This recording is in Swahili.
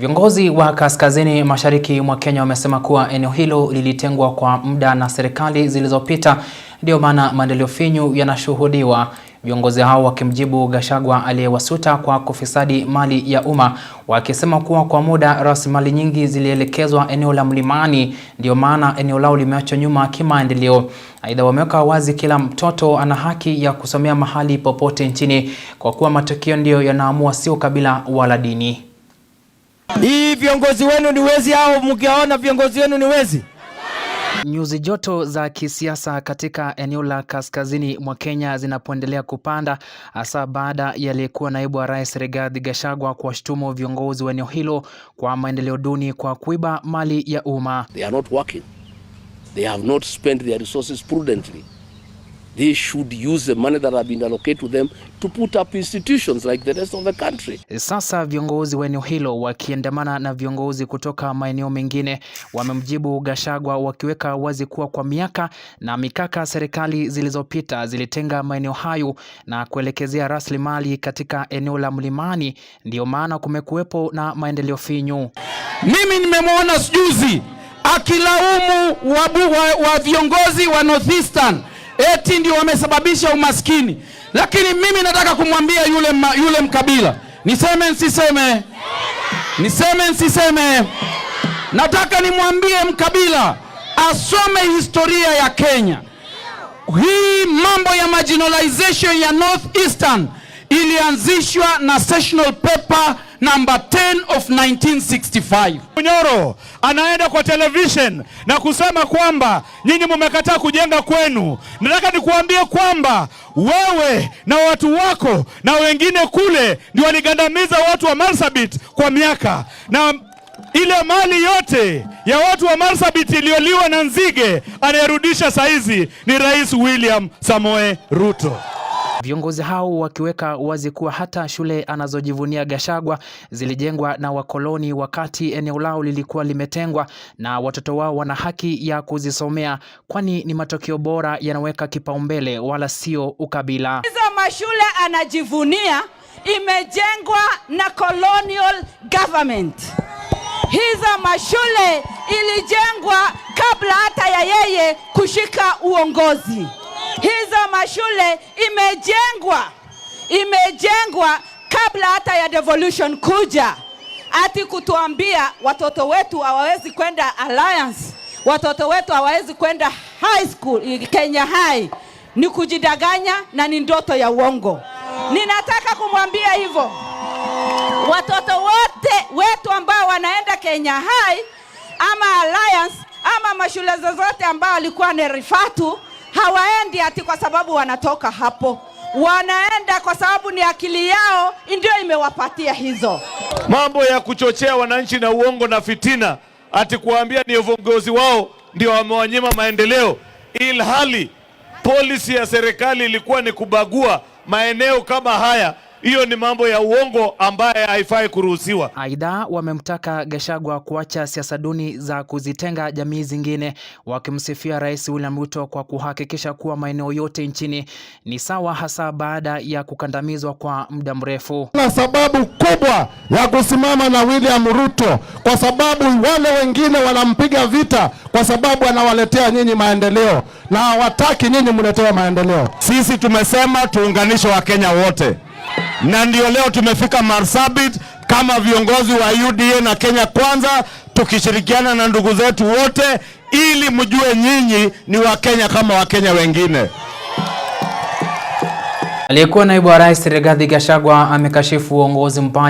Viongozi wa kaskazini mashariki mwa Kenya wamesema kuwa eneo hilo lilitengwa kwa muda na serikali zilizopita, ndiyo maana maendeleo finyu yanashuhudiwa. Viongozi hao wakimjibu Gachagua aliyewasuta kwa kufisadi mali ya umma, wakisema kuwa kwa muda rasilimali nyingi zilielekezwa eneo la Mlimani, ndiyo maana eneo lao limeachwa nyuma kimaendeleo. Aidha, wameweka wazi kila mtoto ana haki ya kusomea mahali popote nchini, kwa kuwa matokeo ndiyo yanaamua, sio kabila wala dini. Hii viongozi wenu ni wezi au mkiwaona viongozi wenu ni wezi? Nyuzi joto za kisiasa katika eneo la kaskazini mwa Kenya zinapoendelea kupanda hasa baada ya aliyekuwa naibu wa rais Rigathi Gachagua kuwashutumu viongozi wa eneo hilo kwa maendeleo duni kwa kuiba mali ya umma. They are not working. They have not spent their resources prudently. They should use the money that have been allocated to them to put up institutions like the rest of the country. Sasa viongozi wa eneo hilo wakiandamana na viongozi kutoka maeneo mengine wamemjibu Gashagwa wakiweka wazi kuwa kwa miaka na mikaka serikali zilizopita zilitenga maeneo hayo na kuelekezea rasilimali katika eneo la mlimani, ndiyo maana kumekuwepo na maendeleo finyu. Mimi nimemwona sijuzi akilaumu wa, wa viongozi wa Northeastern eti ndio wamesababisha umaskini. Lakini mimi nataka kumwambia yule, yule mkabila, niseme nsiseme? Niseme nsiseme? Nataka nimwambie mkabila asome historia ya Kenya. Hii mambo ya marginalization ya North Eastern ilianzishwa na Sessional Paper number 10 of 1965. Munyoro anaenda kwa television na kusema kwamba nyinyi mumekataa kujenga kwenu. Nataka nikuambie kwamba wewe na watu wako na wengine kule ndio waligandamiza watu wa Marsabit kwa miaka na ile mali yote ya watu wa Marsabit iliyoliwa na nzige anayerudisha saizi ni Rais William Samoe Ruto. Viongozi hao wakiweka wazi kuwa hata shule anazojivunia Gachagua zilijengwa na wakoloni wakati eneo lao lilikuwa limetengwa, na watoto wao wana haki ya kuzisomea, kwani ni matokeo bora yanaweka kipaumbele, wala sio ukabila. Hizo mashule anajivunia imejengwa na colonial government. Hizo mashule ilijengwa kabla hata ya yeye kushika uongozi. Hizo mashule imejengwa imejengwa kabla hata ya devolution kuja, ati kutuambia watoto wetu hawawezi kwenda Alliance, watoto wetu hawawezi kwenda high school Kenya High, ni kujidanganya na ni ndoto ya uongo. Ninataka kumwambia hivyo watoto wote wetu ambao wanaenda Kenya High ama Alliance ama mashule zozote ambao walikuwa ni rifatu Hawaendi ati kwa sababu wanatoka hapo, wanaenda kwa sababu ni akili yao ndio imewapatia hizo mambo ya kuchochea wananchi na uongo na fitina, ati kuambia ni viongozi wao ndio wamewanyima maendeleo, ilhali polisi ya serikali ilikuwa ni kubagua maeneo kama haya. Hiyo ni mambo ya uongo ambaye haifai kuruhusiwa. Aidha, wamemtaka Gachagua kuacha siasa duni za kuzitenga jamii zingine, wakimsifia Rais William Ruto kwa kuhakikisha kuwa maeneo yote nchini ni sawa, hasa baada ya kukandamizwa kwa muda mrefu. Na sababu kubwa ya kusimama na William Ruto kwa sababu wale wengine wanampiga vita kwa sababu anawaletea nyinyi maendeleo na hawataki nyinyi mletewe maendeleo. Sisi tumesema tuunganishe Wakenya wote na ndio leo tumefika Marsabit kama viongozi wa UDA na Kenya Kwanza, tukishirikiana na ndugu zetu wote, ili mjue nyinyi ni Wakenya kama Wakenya wengine. Aliyekuwa naibu wa rais Rigathi Gachagua amekashifu uongozi mbaya